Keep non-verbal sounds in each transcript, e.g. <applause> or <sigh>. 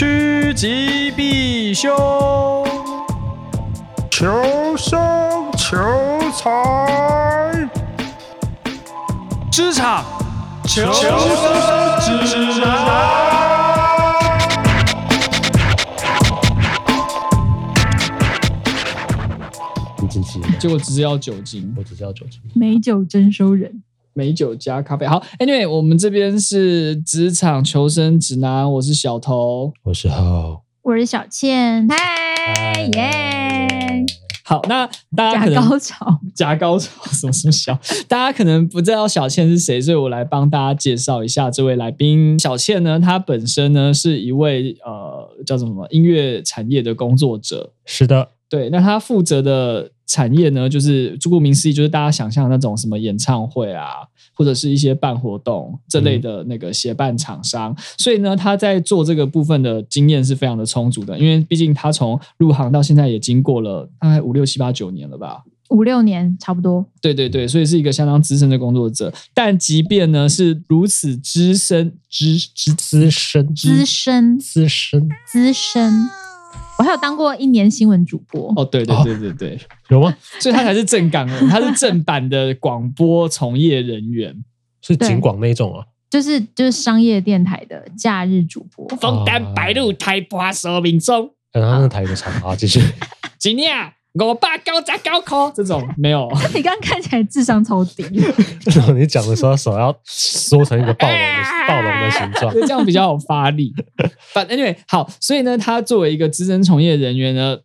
趨吉避凶，求生求財，職場求生指南。Document... 你幾斤？結果只是要酒精，我只是要酒精，美酒徵收人。嗯美酒加咖啡，好，Anyway，我們這邊是職場求生指南，我是小頭，我是浩，我是小茜，嗨耶！好，那大家可能，假高潮，假高潮，什麼什麼小， <laughs> 大家可能不知道小茜是誰，所以我來幫大家介紹一下這位來賓小茜呢，她本身呢是一位呃叫什麼音樂產業的工作者，是的，對，那她負責的。產業呢，就是顧名思義，就是大家想象那種什麼演唱會啊，或者是一些辦活動這類的那個協辦廠商。嗯。所以呢，他在做這個部分的經驗是非常的充足的，因為畢竟他從入行到現在也經過了大概五六七八九年了吧，五六年差不多。對對對，所以是一個相當資深的工作者。但即便呢是如此資深，資資資深，資，資深，資深資深資深。我還有當過一年新聞主播哦，對對對對對，哦、有嗎？ <laughs> 所以他才是正港，他是正版的廣播從業人員， <laughs> 是警廣那種啊，就是就是商業電台的假日主播。哦、楓丹白露台命中，爬蛇鳴鐘，然後那台不長啊，繼續。我爸高架高扣，這種沒有，你剛剛看起來智商超低。 <laughs> <laughs> 你講的時候手要縮成一個暴龍的、欸、暴龍的形狀，就是、這樣比較有發力。反 <laughs> 正 Anyway 好，所以呢，他作為一個資深從業人員呢。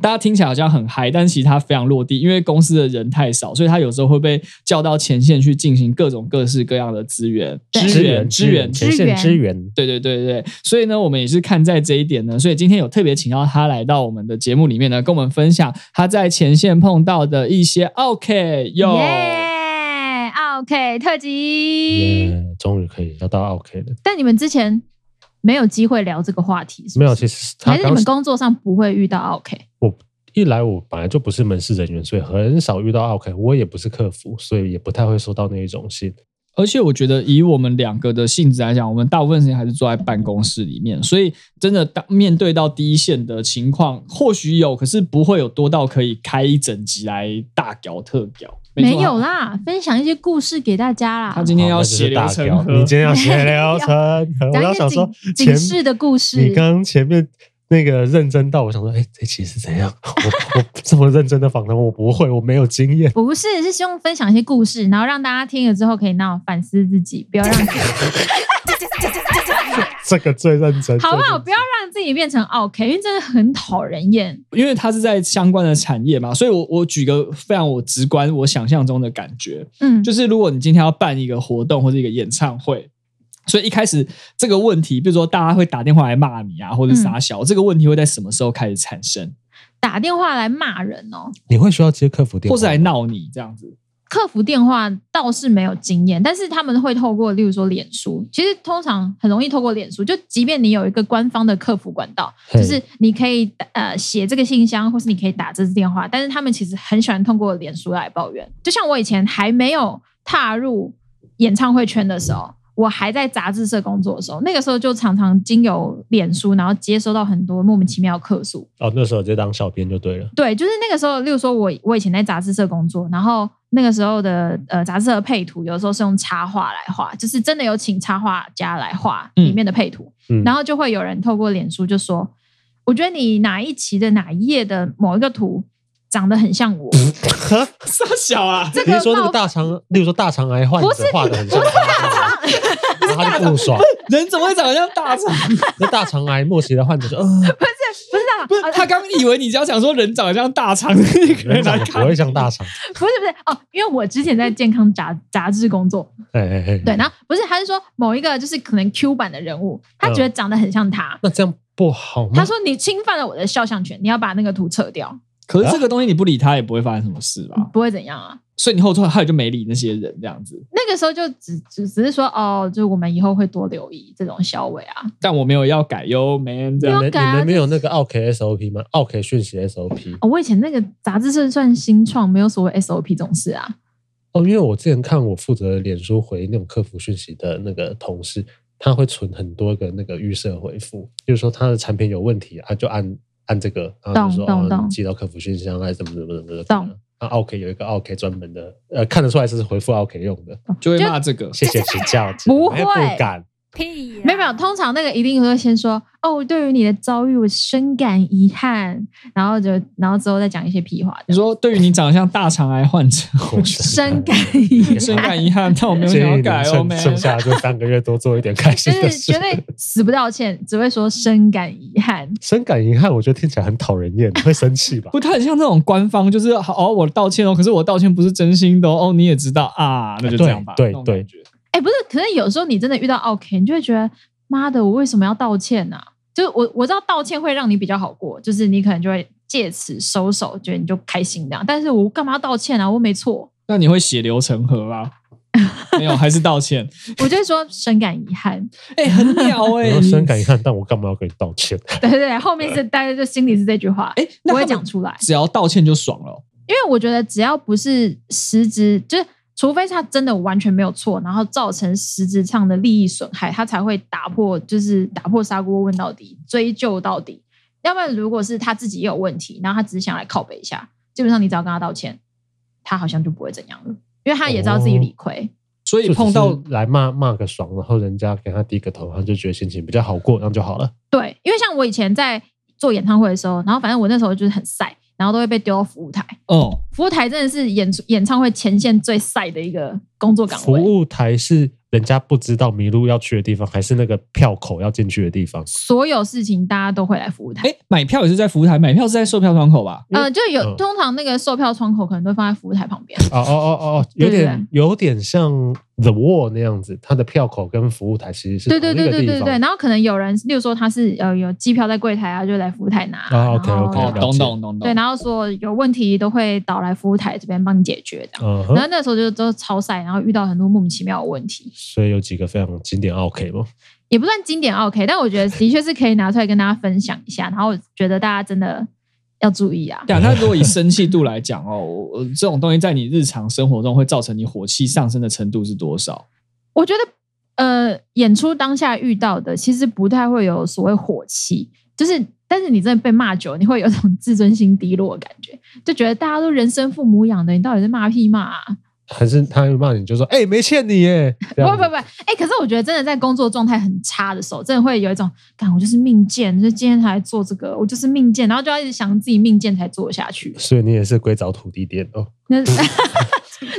大家聽起來好像很嗨，但其實他非常落地，因為公司的人太少，所以他有時候會被叫到前線去進行各種各式各樣的資源、支援、支援、前線支援。對對對對，所以呢，我們也是看在這一點呢，所以今天有特別請到他來到我們的節目裡面呢，跟我們分享他在前線碰到的一些奧客喲，yeah，奧客特輯，yeah，終於可以要到奧客了。但你們之前沒有機會聊這個話題，是不是？沒有，其實他還是你們工作上不會遇到奧客。一來我本來就不是門市人員，所以很少遇到奧客。我也不是客服，所以也不太會收到那一種信。而且我覺得以我們兩個的性質來講，我們大部分時間還是坐在辦公室裡面，所以真的當面對到第一線的情況，或許有，可是不會有多到可以開一整集來大搞特搞，啊。沒有啦，分享一些故事給大家啦。他今天要寫大程，你今天要寫流程。 <laughs> 我要想說前， <laughs> 警示的故事。你剛前面。那個認真到我想說，哎、欸，這、欸、期是怎樣？我我這麼認真的訪談， <laughs> 我不會，我沒有經驗。不是，是希望分享一些故事，然後讓大家聽了之後可以那種反思自己，不要讓自己。 <laughs> <laughs> <laughs> <laughs> 這個最認真。好不好，我不要讓自己變成 OK，因為真的很討人厭。因為它是在相關的產業嘛，所以我，我我舉個非常我直觀我想象中的感覺，嗯，就是如果你今天要辦一個活動或者一個演唱會。所以一開始這個問題，比如說大家會打電話來罵你啊，或者撒小、嗯，這個問題會在什麼時候開始產生？打電話來罵人哦、喔，你會需要接客服電話，或是來鬧你這樣子？客服電話倒是沒有經驗，但是他們會透過，例如說臉書，其實通常很容易透過臉書。就即便你有一個官方的客服管道，就是你可以呃寫這個信箱，或是你可以打這支電話，但是他們其實很喜歡通過臉書來抱怨。就像我以前還沒有踏入演唱會圈的時候。嗯我還在雜誌社工作的時候，那個時候就常常經由臉書，然後接收到很多莫名其妙的客訴。哦，那時候就當小編就對了。對，就是那個時候，例如說我，我我以前在雜誌社工作，然後那個時候的呃，雜誌社的配圖，有時候是用插畫來畫，就是真的有請插畫家來畫裡面的配圖、嗯嗯，然後就會有人透過臉書就說，我覺得你哪一期的哪一頁的某一個圖長得很像我，這 <laughs> 麼小啊、這個？你是說那個大腸，例如說大腸癌患者畫的很像？不是不是他不爽，人怎麼會長得像大腸？ <laughs> 那大腸癌末期的患者說、呃：“不是，不是大，不是、啊、他剛以為你只要想說人長得像大腸，你可能在，不會像大腸。 <laughs> 不是，不是哦，因為我之前在健康雜雜誌工作，對對對。然後不是，他是說某一個就是可能 Q 版的人物，他覺得長得很像他。呃、那這樣不好嗎？他說：“你侵犯了我的肖像權，你要把那個圖撤掉。”可是這個東西你不理他也不會發生什麼事吧？欸啊、不會怎樣啊？所以你後頭後來就沒理那些人這樣子。那個時候就只只只是說哦，就我們以後會多留意這種小偉啊。但我沒有要改喲，這樣子，沒你們沒有那個 OKSOP OK SOP 嗎？OK 訊息 SOP。哦，我以前那個雜誌是算新創，沒有所謂 SOP 總是啊。哦，因為我之前看我負責臉書回那種客服訊息的那個同事，他會存很多個那個預設回覆就是說他的產品有問題，他、啊、就按按這個，然後就說哦，啊、寄到客服信箱，還是怎麼怎麼怎麼，什麼那 OK 有一個 OK 專門的，呃，看得出來是回復、啊、OK 用的，就會罵這個，謝謝請教， <laughs> 不會我不敢。啊、沒有沒有，通常那個一定會先說哦。對於你的遭遇，我深感遺憾。然後就，然後之後再講一些屁話。你、就是、說，對於你長得像大腸癌患者，我 <laughs> 深感遺遺憾， <laughs> 深感遺遺憾。 <laughs> 但我沒有想要改哦、oh,，剩下的就三個月，多做一點開心。 <laughs> 就是絕對死不道歉，只會說深感遺憾。深感遺憾，我覺得聽起來很討人厭，會生氣吧？不太像那種官方，就是好、哦，我道歉哦。可是我道歉不是真心的哦。哦你也知道啊，那就這樣吧。對、欸、對。對欸、不是，可是有時候你真的遇到 OK，你就會覺得媽的，我為什麼要道歉呢、啊？就我我知道道歉會讓你比較好過，就是你可能就會借此收手，覺得你就開心這樣。但是我幹嘛道歉啊？我沒錯，那你會血流成河啊 <laughs> 沒有，還是道歉。 <laughs> 我就會說深感遺憾，哎、 <laughs> 欸，很屌哎、欸，說深感遺憾。但我幹嘛要跟你道歉？ <laughs> 對對，對後面是大家就心裡是這句話，哎、欸，不會講出來，只要道歉就爽了。因為我覺得只要不是失職，就是。除非他真的完全沒有錯，然後造成實質上的利益損害，他才會打破，就是打破砂鍋問到底，追究到底。要不然，如果是他自己也有問題，然後他只是想來靠北一下，基本上你只要跟他道歉，他好像就不會怎樣了，因為他也知道自己理虧，哦。所以碰到來罵罵個爽，然後人家給他低個頭，他就覺得心情比較好過，然後就好了。對，因為像我以前在做演唱會的時候，然後反正我那時候就是很曬。然後都會被丟到服務台。哦，oh.，服務台真的是演出演唱會前線最曬的一個工作崗位服務台是人家不知道迷路要去的地方，還是那個票口要進去的地方？所有事情大家都會來服務台。哎、欸，買票也是在服務台？買票是在售票窗口吧？呃，就有、嗯、通常那個售票窗口可能都放在服務台旁邊。哦哦哦哦，有點對對對，有點像 The Wall 那樣子，他的票口跟服務台其實是同一個地方。對對對對對對。然後可能有人，例如說他是呃有機票在櫃台啊，就來服務台拿。啊，啊 OK OK，懂懂懂懂。對，然後說有問題都會導來服務台這邊幫你解決的。嗯。然後那時候就都超曬。然後遇到很多莫名其妙的問題，所以有幾個非常經典奧客嗎？也不算經典奧客，但我覺得的確是可以拿出來跟大家分享一下。 <laughs> 然後我覺得大家真的要注意啊。對啊，他如果以生氣度來講哦， <laughs> 這種東西在你日常生活中會造成你火氣上升的程度是多少？我覺得呃，演出當下遇到的其實不太會有所謂火氣，就是但是你真的被罵久，你會有一種自尊心低落的感覺，就覺得大家都人生父母養的，你到底是罵屁罵啊？還是他會罵你，就說：“哎、欸，沒欠你耶！”不不不，哎、欸，可是我覺得真的在工作狀態很差的時候，真的會有一種幹，我就是命賤，就是、今天才做這個，我就是命賤，然後就要一直想自己命賤才做下去。所以你也是歸找土地店哦。那。 <laughs> <laughs>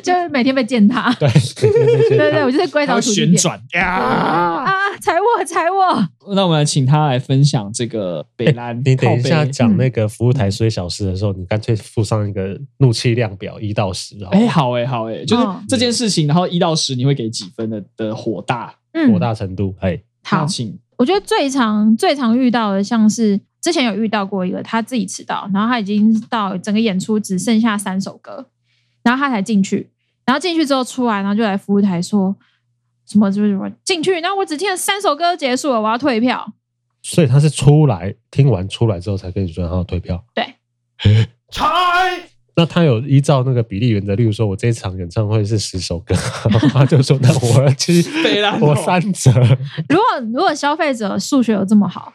就每天被見他 <laughs> 對，見 <laughs> 對對對，我就是龜島鼠。他會旋轉呀啊！踩、啊、我，踩我！那我們來請他來分享這個北蘭、欸。你等一下講那個服務台衰小事的時候，嗯、你乾脆附上一個怒氣量表一到十啊。哎、欸，好哎、欸，好哎、欸，就是這件事情，哦、然後一到十你會給幾分的的火大，火大程度？哎、欸，好，請。我覺得最常最常遇到的，像是之前有遇到過一個，他自己遲到，然後他已經到整個演出只剩下三首歌。然後他才進去，然後進去之後出來，然後就來服務台說什麼就是什麼進去，然後我只聽了三首歌都結束了，我要退票。所以他是出來聽完出來之後才跟你說他要退票。對。猜。那他有依照那個比例原則，例如說我這一場演唱會是十首歌， <laughs> 他就說那我七 <laughs> 我三折。如果如果消費者數學有這麼好，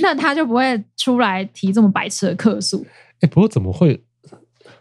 那他就不會出來提這麼白痴的客訴。哎，不過怎麼會？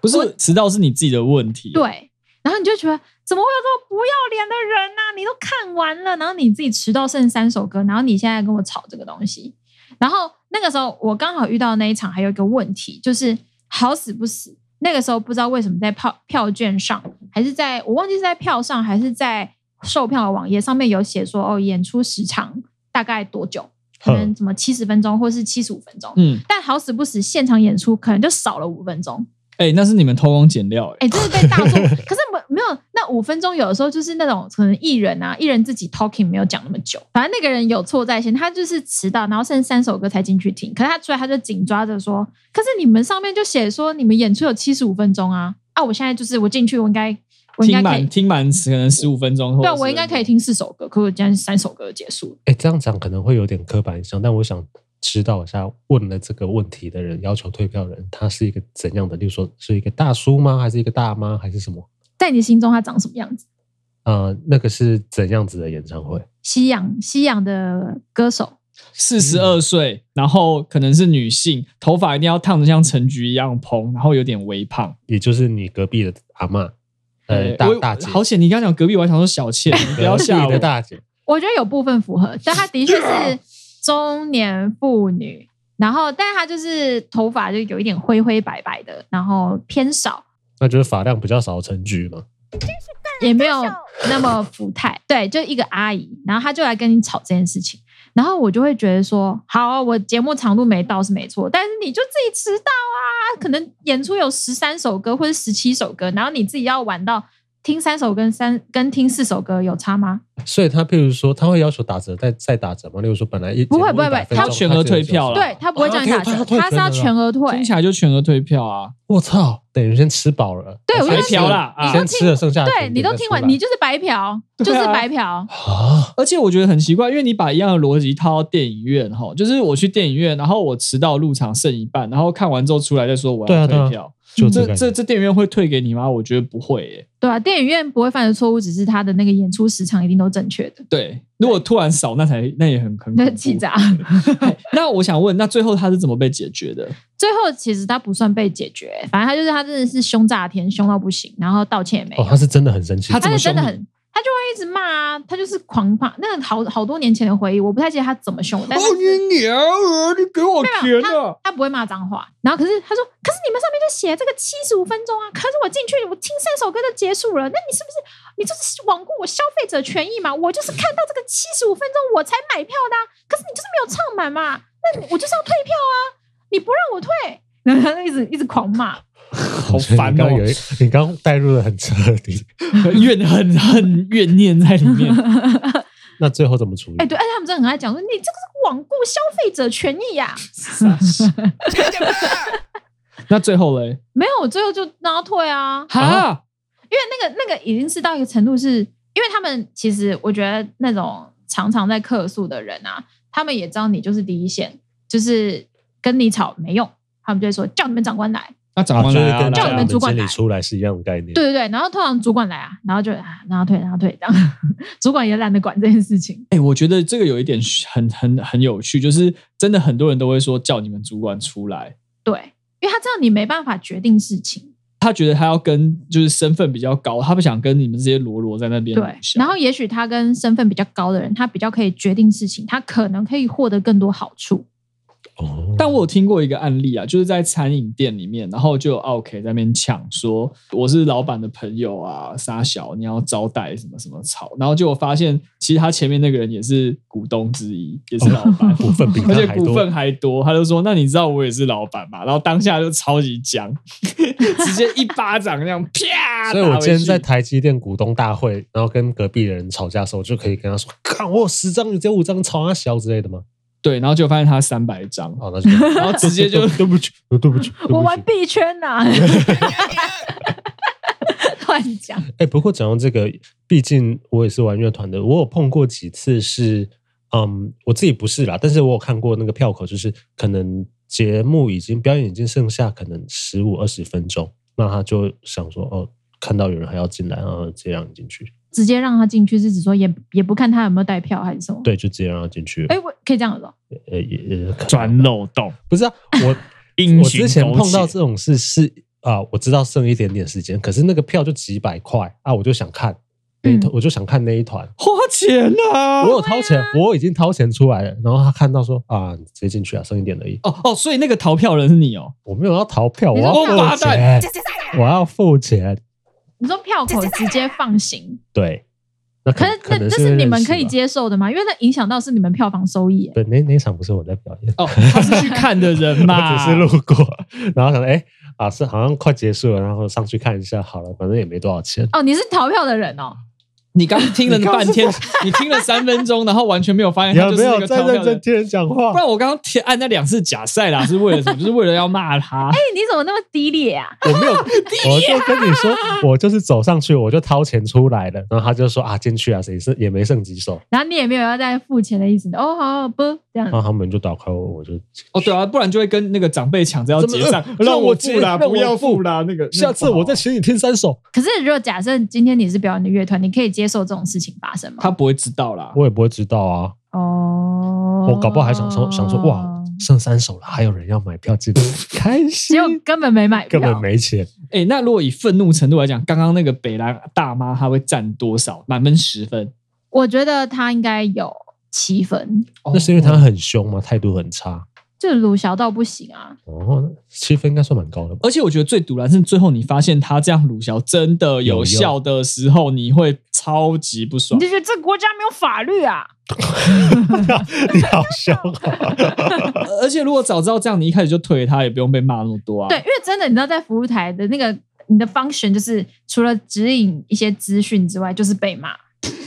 不是，遲到是你自己的問題。對，然後你就覺得怎麼會有這麼不要臉的人呢、啊？你都看完了，然後你自己遲到，剩三首歌，然後你現在跟我吵這個東西。然後那個時候我剛好遇到那一場，還有一個問題就是好死不死，那個時候不知道為什麼在票票券上，還是在我忘記是在票上，還是在售票的網頁上面有寫說哦，演出時長大概多久？可能怎麼七十分鐘，或是七十五分鐘？嗯，但好死不死，現場演出可能就少了五分鐘。哎、欸，那是你們偷工減料哎！真、欸就是被大眾。 <laughs> 可是沒沒有那五分鐘，有的時候就是那種可能藝人啊，藝人自己 talking 沒有講那麼久。反正那個人有錯在先，他就是遲到，然後剩三首歌才進去聽。可是他出來，他就緊抓着說：“可是你們上面就寫說你們演出有七十五分鐘啊啊！啊我現在就是我進去我該，我應該我應該可以聽滿十可能十五分鐘，對，我應該可以聽四首歌，可我今天三首歌就結束了。哎、欸，這樣講可能會有點刻板印象，但我想。”知道一下問了這個問題的人，要求退票的人，他是一個怎樣的？例如說是一個大叔嗎？還是一個大媽？還是什麼？在你心中，他長什麼樣子？呃，那個是怎樣子的演唱會？夕陽，夕陽的歌手，四十二歲，嗯，然後可能是女性，頭髮一定要燙得像陳菊一樣蓬，然後有點微胖，也就是你隔壁的阿嬤，呃，大大姐。好險你剛，剛講隔壁，我想說小倩， <laughs> 不要嚇下我 <laughs> 的大姐。我覺得有部分符合， <laughs> 但他的確是。中年婦女，然後，但她就是頭髮就有一點灰灰白白的，然後偏少，那就是髮量比較少的證據嗎？也沒有那麼富態， <laughs> 對，就一個阿姨，然後她就來跟你吵這件事情，然後我就會覺得說，好，我節目長度沒到是沒錯，但是你就自己遲到啊，可能演出有十三首歌或者十七首歌，然後你自己要晚到。聽三首跟三跟聽四首歌有差嗎？所以他，譬如說，他會要求打折再再打折嗎？例如說，本來一不會一不會不會，他全額退票了。對，他不會這樣打折，啊啊、okay, 他是要、啊、全額退。聽起來就全額退票啊！我操，等於先吃飽了，對，白嫖了，嫖啊、先吃了剩下的對，對你都聽完，你就是白嫖，啊、就是白嫖啊！而且我覺得很奇怪，因為你把一樣的邏輯套到電影院哈，就是我去電影院，然後我遲到入場剩一半，然後看完之後出來再說，我要退、啊啊、票。就這、嗯、這這，這電影院會退給你嗎？我覺得不會、欸，對啊，電影院不會犯的錯誤，只是他的那個演出時長一定都正確的對。對，如果突然少，那才那也很可。那氣、個、炸。 <laughs> <laughs> 那我想問，那最後他是怎麼被解決的？最後其實他不算被解決、欸，反正他就是他真的是凶炸天，凶到不行，然後道歉也沒用。哦，他是真的很生氣，他是真的很。他就會一直罵啊，他就是狂罵那個好好多年前的回憶，我不太記得他怎麼凶。但是、哦、你娘啊，你給我甜啊他！他不會罵髒話，然後可是他說，可是你們上面就寫這個七十五分鐘啊，可是我進去我聽三首歌就結束了，那你是不是你就是罔顧我消費者權益嘛？我就是看到這個七十五分鐘我才買票的啊，可是你就是沒有唱滿嘛，那我就是要退票啊！你不讓我退，然後他 <laughs> 一直一直狂罵。好煩啊、喔！ <laughs> 你你剛帶入的很徹底 <laughs> 很，怨恨、恨怨念，在裡面。 <laughs> 那最後怎麼處理？哎、欸，對，而且他們真的很愛講說，你這個是罔顧消費者權益呀、啊！ <laughs> <laughs> 那最後嘞？沒有，我最後就然後退啊，啊，因為那個那個已經是到一個程度是，是因為他們其實我覺得那種常常在客訴的人啊，他們也知道你就是第一線，就是跟你吵沒用，他們就會說叫你們長官來。那他找來，啊啊、來叫你們主管來出來是一樣的概念。對對對，然後通常主管來啊，然後就、啊、然後退然後退，然後退，這樣主管也懶得管這件事情。哎、欸，我覺得這個有一點很很很有趣，就是真的很多人都會說叫你們主管出來。對，因為他知道你沒辦法決定事情。他覺得他要跟就是身份比較高，他不想跟你們這些羅羅在那邊。對，然後也許他跟身份比較高的人，他比較可以決定事情，他可能可以獲得更多好處。哦、oh.，但我有聽過一個案例啊，就是在餐飲店裡面，然後就有奧客在那邊搶說我是老板的朋友啊，殺小你要招待什麼什麼吵，然後就我發現其實他前面那個人也是股東之一，oh. 也是老板股份比，而且股份還多，他就說那你知道我也是老板嘛，然後當下就超級僵， <laughs> 直接一巴掌那樣啪。 <laughs> 所以我今天在台積電股東大會，然後跟隔壁的人吵架的時候，我就可以跟他說，看我有十張，你只有五張，吵啊小之類的嗎？對，然後就發現他三百張、哦那就，然後直接就 <laughs> 對不起，對不起，對不起，我玩幣圈吶、啊，亂 <laughs> 講。哎，不過講到這個，畢竟我也是玩樂團的，我有碰過幾次是，嗯，我自己不是啦，但是我有看過那個票口，就是可能節目已經表演已經剩下可能十五二十分鐘，那他就想說，哦，看到有人還要進來啊，然後這樣進去。直接讓他進去是指說也也不看他有沒有帶票還是什麼？對，就直接讓他進去了。哎、欸，我可以這樣子說，呃，也也鑽漏洞，不是、啊、 <laughs> 我，我之前碰到這種事是啊、呃，我知道剩一點點時間，可是那個票就幾百塊啊、呃，我就想看那、嗯，我就想看那一團，花錢吶、啊，我有掏錢、啊，我已經掏錢出來了，然後他看到說啊、呃，直接進去啊，剩一點而已。哦哦，所以那個逃票人是你哦？我沒有要逃票，我要付錢，我要付錢。你說票口直接放行，對，那可,可是那這是你們可以接受的嗎？因為那影響到是你們票房收益、欸。對，那那場不是我在表演哦，他是去 <laughs> 看的人嘛，只是路過，然後想說，哎、欸，啊，是好像快結束了，然後上去看一下，好了，反正也沒多少錢。哦，你是逃票的人哦。你剛剛聽了半天，你聽了三分鐘，然後完全沒有發現他沒有在認真聽人講話。不然我剛剛按那兩次假賽啦，是為了什麼？就是為了要罵他。哎，你怎麼那麼低劣啊？我沒有低劣，我就跟你說，我就是走上去，我就掏錢出來了，然後他就說啊，進去啊，誰是也沒剩幾首，然後你也沒有要再付錢的意思。哦好，好不這樣。然後他們就打開我，我就哦對啊，不然就會跟那個長輩搶着要結賬，讓我付啦，不要付啦，那個下次我再請你聽三首。可是如果假設今天你是表演的樂團，你可以接。接受這種事情發生嗎？他不會知道啦，我也不會知道啊。哦、oh...，我搞不好還想說，想說，哇，剩三首了，還有人要買票，真 <laughs> 開心。就根本沒買票，根本沒錢。哎、欸，那如果以憤怒程度來講，剛剛那個北蘭大媽，她會占多少？滿分十分，我覺得他應該有七分。Oh... 那是因為他很凶嗎？態度很差。這魯小到不行啊，哦，七分應該算蠻高的。而且我覺得最毒辣是最後你發現他這樣魯小真的有效的時候，你會超級不爽。你覺得這國家沒有法律啊？好笑。而且如果早知道這樣，你一開始就退他，也不用被罵那麼多啊。對，因為真的，你知道在服務台的那個你的 function 就是除了指引一些資訊之外，就是被罵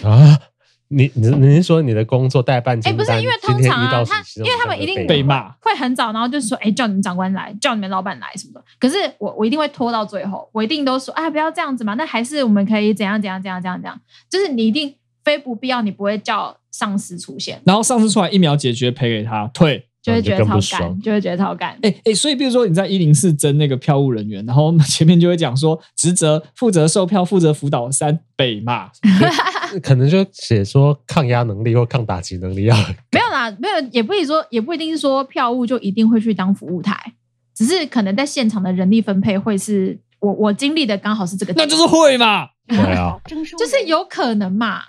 啊。你你你是說你的工作代辦前，哎、欸、不是因為通常啊，他，他因為他們一定被罵，會很早，然後就是說，哎、欸，叫你們長官來，叫你們老闆來什麼的。可是我我一定會拖到最後，我一定都說，哎、啊，不要這樣子嘛。那還是我們可以怎樣怎樣怎樣怎樣怎樣，就是你一定非不必要，你不會叫上司出現，然後上司出來一秒解決，賠給他退。對就會覺得、啊、超幹，就會覺得超幹。哎、欸欸、所以比如說你在一零四徵那個票務人員，然後前面就會講說職責負責售票、負責輔導三北嘛， <laughs> 可能就寫說抗壓能力或抗打擊能力啊。 <laughs> 沒有啦，沒有，也不一定說，也不一定說票務就一定會去當服務台，只是可能在現場的人力分配會是我我經歷的剛好是這個，那就是會嘛， <laughs> 對啊、 <laughs> 就是有可能嘛。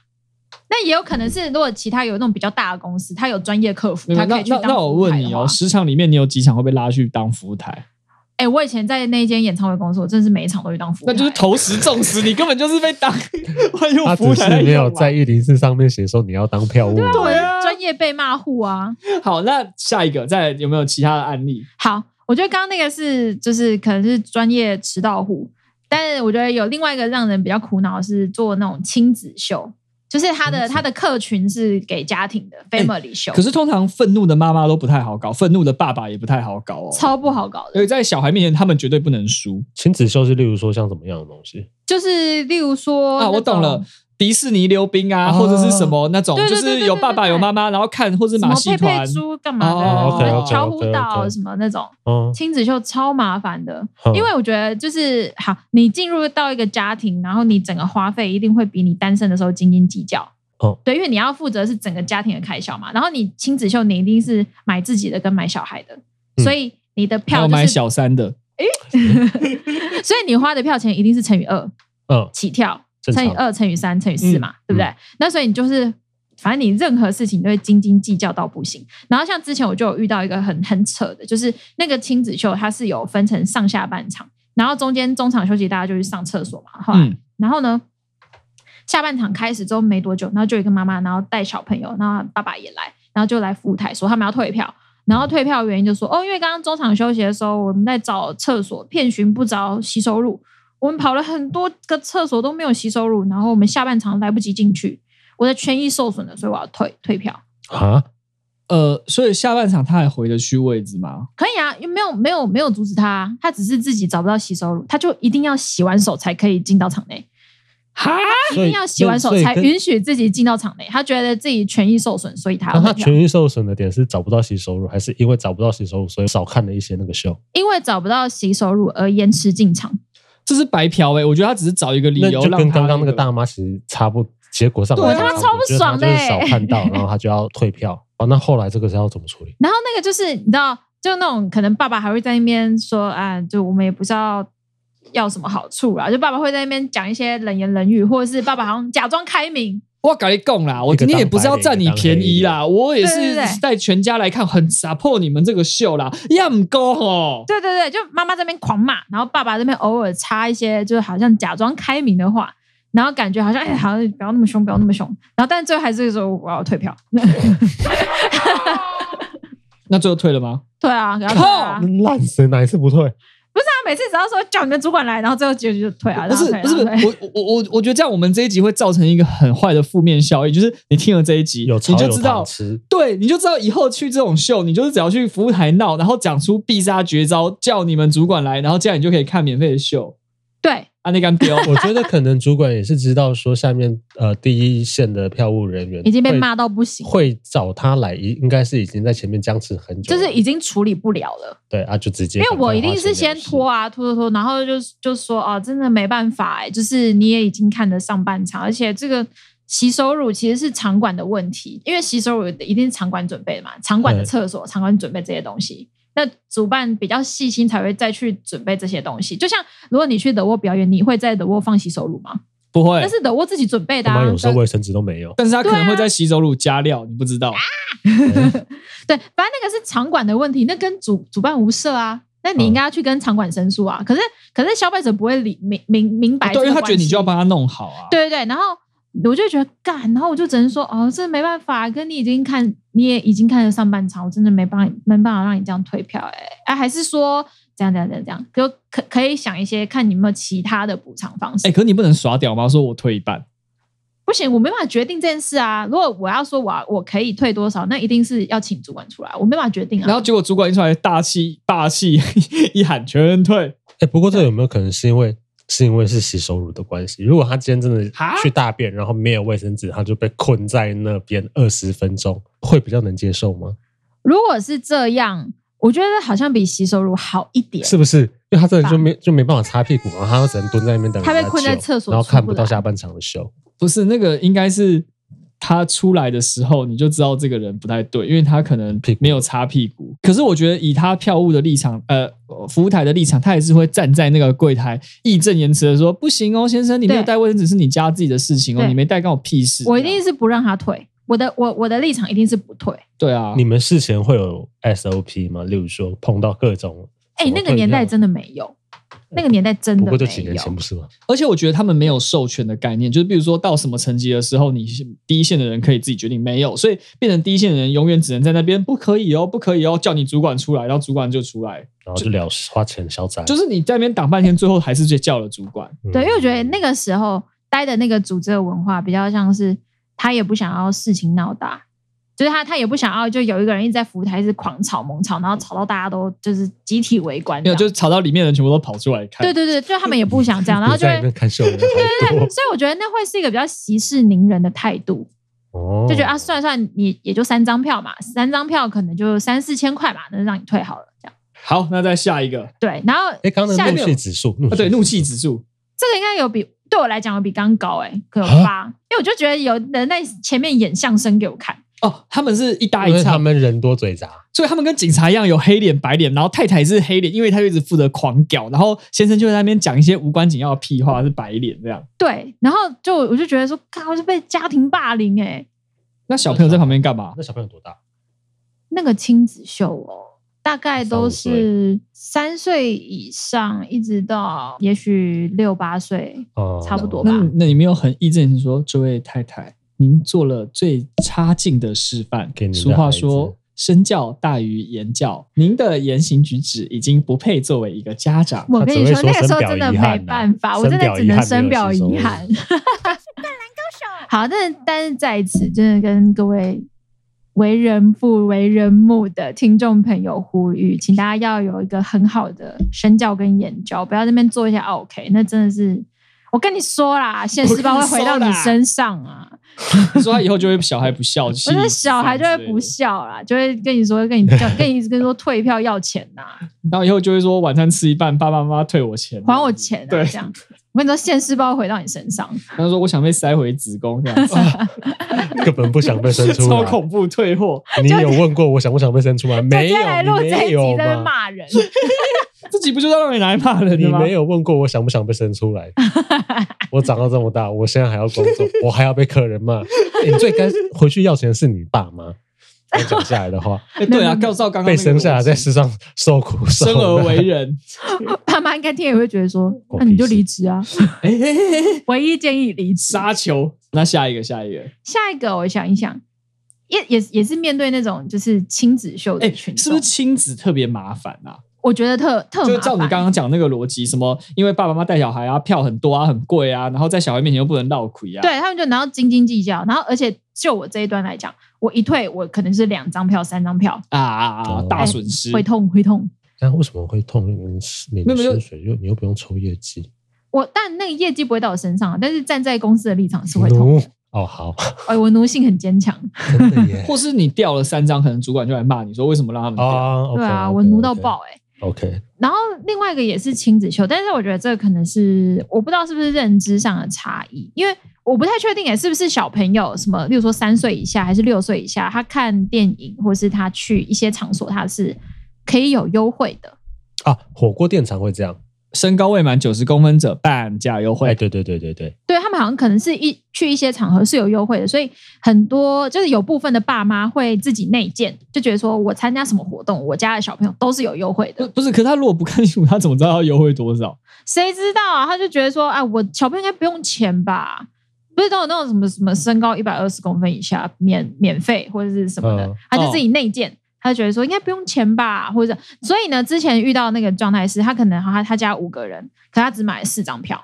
那也有可能是，如果其他有那種比較大的公司，他、嗯、有專業客服，他可以去當服務台。那，那，那我問你哦、喔，十場裡面你有幾場會被拉去當服務台？哎、欸，我以前在那一間演唱會公司，我真的是每一場都去當服務台，那就是投石中石， <laughs> 你根本就是被當，他 <laughs> 又服務台、啊、是沒有在104上面寫說你要當票務。對啊，專業被罵戶啊。好，那下一個再有沒有其他的案例？好，我覺得剛剛那個是就是可能是專業遲到戶，但是我覺得有另外一個讓人比較苦惱的是做那種親子秀。就是他的他的客群是給家庭的 family 秀，欸，可是通常憤怒的媽媽都不太好搞，憤怒的爸爸也不太好搞哦，超不好搞的。所以在小孩面前，他們絕對不能輸。親子秀是例如說像什麼樣的東西？就是例如說啊，我懂了。迪士尼溜冰啊，或者是什麼那種，哦、就是有爸爸有媽媽，哦、然後看或者是馬戲團。佩佩豬幹嘛的？敲虎島什麼那種？親、okay, okay, okay, okay. 子秀超麻煩的，哦、因為我覺得就是好，你進入到一個家庭，然後你整個花費一定會比你單身的時候斤斤計較。哦，對，因為你要負責是整個家庭的開銷嘛。然後你親子秀，你一定是買自己的跟買小孩的，嗯、所以你的票、就是、買小三的。誒、欸， <laughs> 所以你花的票錢一定是乘以二。起跳。乘以二乘以三乘以四嘛、嗯，對不對、嗯？那所以你就是，反正你任何事情都會斤斤計較到不行。然後像之前我就有遇到一個很很扯的，就是那個親子秀它是有分成上下半場，然後中間中場休息大家就去上廁所嘛。後來、嗯，然後呢，下半場開始之後沒多久，然後就一個媽媽，然後帶小朋友，然後爸爸也來，然後就來服務台說他們要退票。然後退票的原因就說，哦，因為剛剛中場休息的時候我們在找廁所，遍尋不着洗手路。我們跑了很多個廁所都沒有洗手乳，然後我們下半場來不及進去，我的權益受損了，所以我要退退票。啊，呃，所以下半場他還回得去位置嗎？可以啊，又沒有沒有沒有阻止他，啊，他只是自己找不到洗手乳，他就一定要洗完手才可以進到場內。啊，一定要洗完手才允許自己進到場內，他覺得自己權益受損，所以他，他權益受損的點是找不到洗手乳，還是因為找不到洗手乳所以少看了一些那個秀？因為找不到洗手乳而延遲進場。這是白嫖哎，欸，我覺得他只是找一個理由，那個，跟剛剛那個大媽其實差不，結果上。對，他超不爽的。就是，少看到， <laughs> 然後他就要退票。 <laughs> 哦,那後來這個是要怎麼處理？然後那個就是你知道，就那種可能爸爸還會在那邊說啊，就我們也不知道要什麼好處啦，啊，就爸爸會在那邊講一些冷言冷語，或者是爸爸好像假裝開明。 <laughs> 我跟你講啦，我今天也不是要占你便宜啦，我也是帶全家來看，很 support 你們這個秀啦，樣工哦。對對對，就媽媽這邊狂罵，然後爸爸這邊偶爾插一些，就是好像假裝開明的話，然後感覺好像哎、欸，好像不要那麼兇，不要那麼兇，然後但最後還是說我要退票。 <laughs> 那最後退了嗎？退啊，退啊！爛神，哪一次不退？不是啊，每次只要說叫你們主管來，然後最後結局就退啊。不是不是，我我我我覺得這樣，我們這一集會造成一個很壞的負面效益。就是你聽了這一集，你就知道，對，你就知道以後去這種秀，你就是只要去服務台鬧，然後講出必殺絕招，叫你們主管來，然後這樣你就可以看免費的秀。對。他那根標，我覺得可能主管也是知道說，下面呃第一線的票務人員已經被罵到不行了，會找他來，應應該是已經在前面僵持很久，就是已經處理不了了。對啊，就直接因為我一定是先拖啊，拖，啊拖拖拖，然後就就說哦，真的沒辦法哎，就是你也已經看了上半場，而且這個洗手乳其實是場館的問題，因為洗手乳一定是場館準備的嘛，場館的廁所，嗯、場館準備這些東西。那主辦比較細心才會再去準備這些東西。就像如果你去德國表演，你會在德國放洗手乳嗎？不會。那是德國自己準備的啊，啊有時候衛生紙都沒有但，但是他可能會在洗手乳加料、啊，你不知道。啊嗯、 <laughs> 對，反正那個是場館的問題，那跟主主辦無涉啊。那你應該要去跟場館申訴啊、嗯。可是，可是消費者不會理明明明白、哦對，因為他覺得你就要幫他弄好啊。對對，對，然後，我就覺得幹，然後我就只能說哦，這沒辦法，跟你已經看你也已經看了上半場，我真的沒辦法沒辦法讓你這樣退票、欸，哎、啊、哎，還是說這樣這樣這樣這樣，就可可以想一些看你有沒有其他的補償方式。哎、欸，可是你不能耍屌嗎？說我退一半，不行，我沒辦法決定這件事啊。如果我要說我我可以退多少，那一定是要請主管出來，我沒辦法決定啊。然後結果主管一出來，大氣霸氣一喊全退。哎、欸，不過這有沒有可能是因為？是因為是洗手乳的關係，如果他今天真的去大便，然後沒有衛生紙，他就被困在那邊二十分鐘，會比較能接受嗎？如果是這樣，我覺得好像比洗手乳好一點，是不是？因為他真的就沒就沒，就沒辦法擦屁股嘛，然後他就只能蹲在那邊等。他被困在廁所，然後看不到下半場的 show。不是，那個應該是。他出來的時候，你就知道這個人不太對，因為他可能沒有擦屁，屁股。可是我覺得，以他票務的立場，呃，服務台的立場，他也是會站在那個櫃台義正言辭的說：“不行哦，先生，你沒有帶衛生紙是你家自己的事情哦，你沒帶干我屁事。”我一定是不讓他退，我的我我的立場一定是不退。對啊，你們事前會有 SOP 嗎？例如說碰到各種……哎，那個年代真的沒有。那個年代真的，不過就幾年前不是嗎？而且我覺得他們沒有授權的概念，就是比如說到什麼層級的時候，你第一線的人可以自己決定，沒有，所以變成第一線的人永遠只能在那邊不可以哦，不可以哦，叫你主管出來，然後主管就出來，然後就了花錢消災，就是你在那邊擋半天，最後還是叫了主管，嗯。對，因為我覺得那個時候待的那個組織的文化比較像是他也不想要事情鬧大。所、就、以、是、他，他也不想要，就有一個人一直在服務台是狂吵猛吵，然後吵到大家都就是集體圍觀。沒有，就吵到裡面的人全部都跑出來看。對對對，就他們也不想這樣，然後就會 <laughs> 對，對對對，所以我覺得那會是一個比較息事寧人的態度。哦，就覺得啊，算算你也就三張票嘛，三張票可能就三四千塊吧，那就讓你退好了，這樣。好，那再下一個。對，然後哎，剛才怒氣指數、啊、對，怒氣指數這個應該有比對我來講有比剛剛高哎、欸，可有八，因為我就覺得有人在前面演相聲給我看。哦，他們是一搭一唱，他們人多嘴雜，所以他們跟警察一樣有黑臉白臉，然後太太也是黑臉，因為他就一直負責狂屌，然後先生就在那邊講一些無關緊要的屁話是白臉這樣。對，然後就我就覺得說，靠，我是被家庭霸凌哎、欸。那小朋友在旁邊幹嘛那？那小朋友多大？那個親子秀哦，大概都是三歲，歲，歲以上，一直到也許六八歲、哦，差不多吧。那，那你沒有很義正言辭說這位太太？您做了最差勁的示範。俗話說，身教大於言教。您的言行舉止已經不配作為一個家長。我跟你說，那個時候真的沒辦法，啊、我真的只能深表遺憾。 <laughs> 是灌籃高手、啊。好，但但是在此，真的跟各位為人父、為人母的聽眾朋友呼籲，請大家要有一個很好的身教跟言教，不要那邊做一下 OK，那真的是。我跟你說啦，現世報會回到你身上啊！說，啊他說他以後就會小孩不孝氣， <laughs> 不是小孩就會不孝啦， <laughs> 就會跟你說，跟你講，跟你跟說退票要錢吶，啊。然後以後就會說晚餐吃一半，爸爸媽媽退我錢，還我錢，啊。對，這樣。我跟你說，現世報回到你身上。他說，我想被塞回子宮這樣子， <laughs> 根本不想被生出。 <laughs> 超恐怖退貨，欸，你有問過我想不想被生出嗎？沒有，沒有嗎？這一集在罵人。 <laughs> 自己不就是要讓你來罵人嗎？你沒有問過我想不想被生出來。 <laughs> 我長到這麼大，我現在還要工作， <laughs> 我還要被客人罵。你、欸、最該回去要錢的是你爸媽。講 <laughs> 下來的話，欸、對啊，告訴剛剛被生下來在世上受苦受。生而為人， <laughs> 爸媽應該聽也會覺得說，喔、那你就離職啊、欸嘿嘿嘿。唯一建議離職。殺球。那下一個，下一個，下一個，我想一想，也也也是面對那種就是親子秀的群、欸、是不是親子特別麻煩啊？我覺得特特就照你剛剛講的那個邏輯，什麼因為爸爸媽媽帶小孩啊，票很多啊，很貴啊，然後在小孩面前又不能鬧虧啊，對他們就然後斤斤計較，然後而且就我這一段來講，我一退我可能是兩張票，三張票啊，啊啊，大損失，會、哎、痛會痛。那、啊、為什麼會痛？因為那個又你又不用抽業績，我但那個業績不會到我身上，但是站在公司的立場是會痛。哦，好，哎，我奴性很堅強， <laughs> 真的耶 <laughs> 或是你掉了三張，可能主管就來罵你說為什麼讓他們對啊，我奴到爆哎。OK，然後另外一個也是親子秀，但是我覺得這個可能是我不知道是不是認知上的差異，因為我不太確定，誒是不是小朋友什麼，例如說三歲以下還是六歲以下，他看電影或是他去一些場所，他是可以有優惠的。啊，火鍋店常會這樣。身高未滿九十公分者半價優惠。哎，對對對對對,對,對，對他們好像可能是一去一些場合是有優惠的，所以很多就是有部分的爸媽會自己內建，就覺得說我參加什麼活動，我家的小朋友都是有優惠的。不是，可是他如果不看清楚，他怎麼知道要優惠多少？誰知道啊？他就覺得說，啊、哎，我小朋友應該不用錢吧？不是都有那種什麼什麼身高一百二十公分以下免免費或者是什麼的，呃、他就自己內建。哦他覺得說應該不用錢吧，或者所以呢，之前遇到那個狀態是，他可能他他家五個人，可他只買了四張票，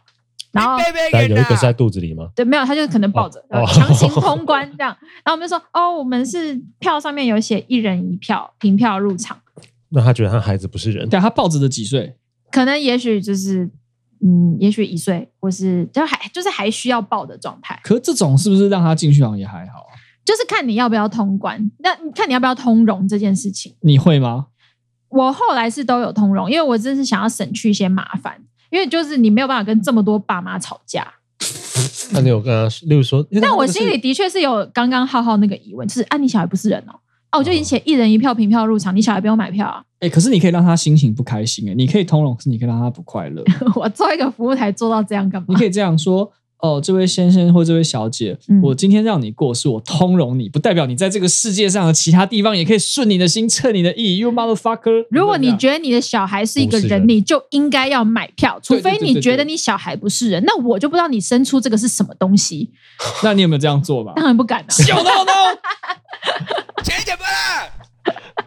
然後一有一個是在肚子裡嗎？對，沒有，他就可能抱着哦、強行通關這樣、哦，然後我們就說哦，我們是票上面有寫一人一票，憑票入場。那他覺得他孩子不是人，但他抱着的幾歲？可能也許就是嗯，也許一歲，或是就還就是還需要抱的狀態。可是這種是不是讓他進去好像也還好？就是看你要不要通關，那你看你要不要通融這件事情，你會嗎？我後來是都有通融，因為我真是想要省去一些麻煩，因為就是你沒有辦法跟這麼多爸媽吵架。 <laughs> <laughs> 那你有個，例如說，但我心裡的確是有剛剛浩浩那個疑問，就是啊，你小孩不是人哦，啊、哦，我就以前一人一票憑票入場，你小孩不用買票啊。哎、欸，可是你可以讓他心情不開心哎、欸，你可以通融，可是你可以讓他不快樂。 <laughs> 我做一個服務台做到這樣幹嘛？你可以這樣說。哦，這位先生或這位小姐，嗯，我今天讓你過，是我通融你，不代表你在這個世界上的其他地方也可以順你的心，測你的意。You mother fucker！如果你覺得你的小孩是一個人，是人，你就應該要買票，除非你覺得你小孩不是人。對對對對對，那我就不知道你生出這個是什麼東西。 <laughs> 那你有沒有這樣做吧？當然不敢。小鬧鐘，七點半。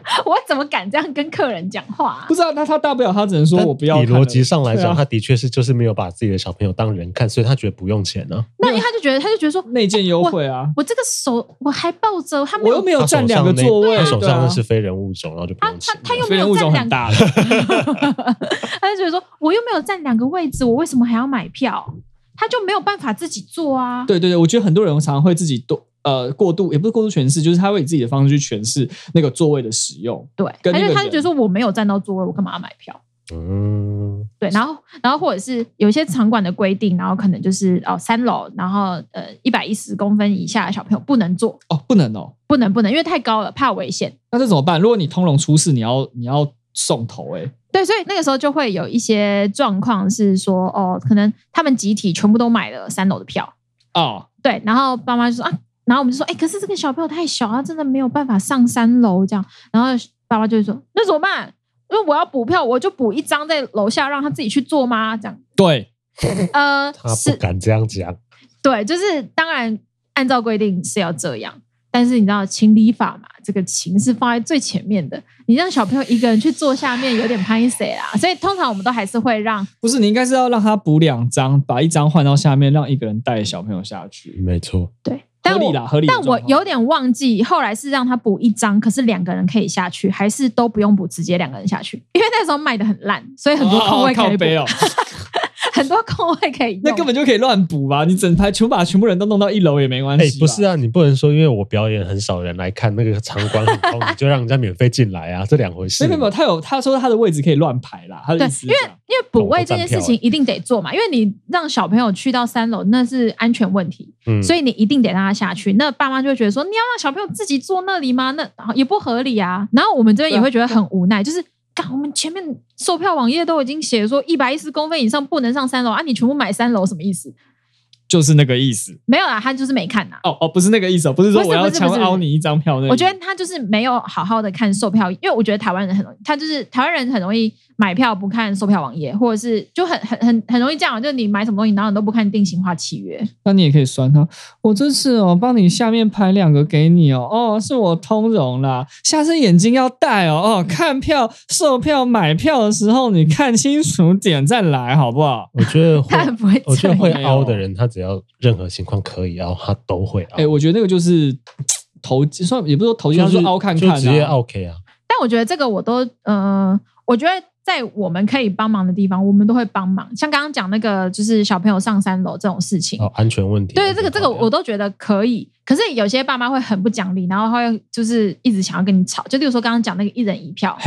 <laughs> 我怎麼敢這樣跟客人講話、啊？不知道、啊，那他，他大不了他只能說我不要。以邏輯上來講、啊，他的確是就是沒有把自己的小朋友當人看，所以他覺得不用錢呢、啊。那他就覺得，他就覺得說那件優惠啊我，我這個手我還抱着他們，我又沒有佔兩個座位，他手上那、啊、是非人物種，然後就不用他他，他又沒有佔兩個， <laughs> <laughs> 他就覺得說我又沒有佔兩個位置，我為什麼還要買票？他就沒有辦法自己坐啊。對對對，我覺得很多人常常會自己多。呃，過度也不是過度詮釋，就是他會以自己的方式去詮釋那個座位的使用。對，而且他就覺得說我沒有占到座位，我幹嘛要買票？嗯，對。然後，然後或者是有些場館的規定，然後可能就是哦，三樓，然後呃，一百一十公分以下的小朋友不能坐哦，不能哦，不能不能，因為太高了，怕危險。那這怎麼辦？如果你通融出事，你要你要送頭哎、欸。對，所以那個時候就會有一些狀況是說，哦，可能他們集體全部都買了三樓的票哦，對，然後爸媽就說啊。然後我們就說，哎、欸，可是這個小朋友太小，他真的沒有辦法上三樓這樣。然後爸爸就會說，那怎麼辦？因為我要補票，我就補一張在樓下，讓他自己去做嗎？這樣。對，呃，他不敢這樣講。對，就是當然按照規定是要這樣，但是你知道情理法嘛？這個情是放在最前面的，你讓小朋友一個人去坐下面有點歹勢啊，所以通常我們都還是會讓，不是，你應該是要讓他補兩張，把一張換到下面，讓一個人帶小朋友下去，嗯、沒錯，對，合理啦，合理，但我有點忘記後來是讓他補一張，可是兩個人可以下去，還是都不用補，直接兩個人下去，因為那時候賣得很爛，所以很多空位可以補哦。 <laughs> 很多空位可以，那根本就可以亂補吧？你整排全把全部人都弄到一樓也沒關係。欸、不是啊，你不能說因為我表演很少人來看那個場館很空，你就讓人家免費進來啊，這兩回事。 <laughs> 沒有沒有，他有他說他的位置可以亂排啦。對，因為因為補位這件事情一定得做嘛，因為你讓小朋友去到三樓那是安全問題，所以你一定得讓他下去。那爸媽就會覺得說，你要讓小朋友自己坐那裡嗎？那也不合理啊。然後我們這邊也會覺得很無奈，就是。我們前面售票網頁都已經寫說，一百一十公分以上不能上三樓啊！你全部買三樓什麼意思？就是那個意思，沒有啊，他就是沒看吶、啊。哦哦，不是那個意思、哦，不是說我要強凹你一張票，那不是不是不是。我覺得他就是沒有好好的看售票，因為我覺得台灣人很容他就是台灣人很容易買票不看售票網頁，或者是就很很很很容易這樣，就是、你買什麼東西，然後你都不看定型化契約。那你也可以酸他，我這次哦，幫你下面排兩個給你哦，哦，是我通融了，下次眼睛要戴哦哦，看票售票買票的時候你看清楚點，再來好不好？我覺得他不會，我覺得會凹的人他。只要任何情況可以、啊，然後他都會、啊欸。我覺得那個就是投，算也不說、就是就是說投機，算是凹看看、啊，直接 OK 啊。但我覺得這個我都，嗯、呃，我覺得在我們可以幫忙的地方，我們都會幫忙。像剛剛講那個，就是小朋友上三樓這種事情，哦、安全問題。對，這個這個我都覺得可以。可是有些爸媽會很不講理，然後他會就是一直想要跟你吵。就例如說剛剛講那個一人一票，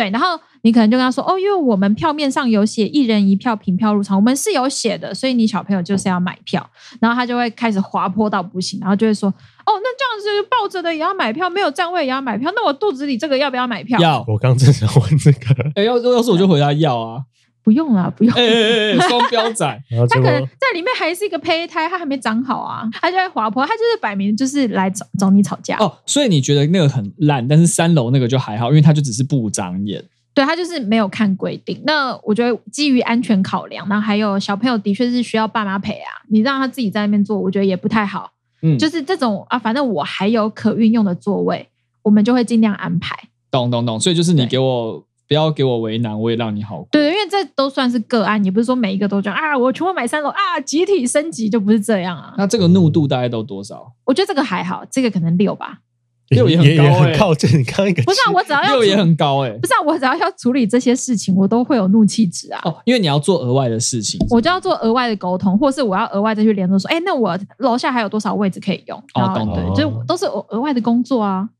對，然後你可能就跟他說：“哦，因為我們票面上有寫一人一票憑票入場，我們是有寫的，所以你小朋友就是要買票。”然後他就會開始滑坡到不行，然後就會說：“哦，那這樣子抱着的也要買票，沒有站位也要買票，那我肚子裡這個要不要買票？”要，我剛正想問這個。哎，要要是我就回答要啊。不用了啊，不用了，欸欸欸。哎，雙標仔，他可能在裡面還是一個胚胎，他還沒長好啊，他就在滑坡，他就是擺明就是來找找你吵架。哦，所以你覺得那個很爛，但是三樓那個就還好，因為他就只是不長眼，對，他就是沒有看規定。那我覺得基於安全考量，那還有小朋友的確是需要爸媽陪啊，你讓他自己在那邊坐，我覺得也不太好。嗯，就是這種啊，反正我還有可運用的座位，我們就會盡量安排。懂懂懂，所以就是你給我對。不要給我為難，我也讓你好過。對，因為這都算是個案，也不是說每一個都這樣啊。我全部買三樓啊，集體升級就不是這樣啊。那這個怒度大概都多少？我覺得這個還好，這個可能六吧，六也，也很高哎、欸。你剛剛一個不是啊，我只要要，六也很高哎、欸，不是啊，我只要要處理這些事情，我都會有怒氣值啊、哦。因為你要做額外的事情，我就要做額外的溝通，或是我要額外再去聯絡說，哎，那我樓下還有多少位置可以用？Oh, 哦，對，就是都是額外的工作啊。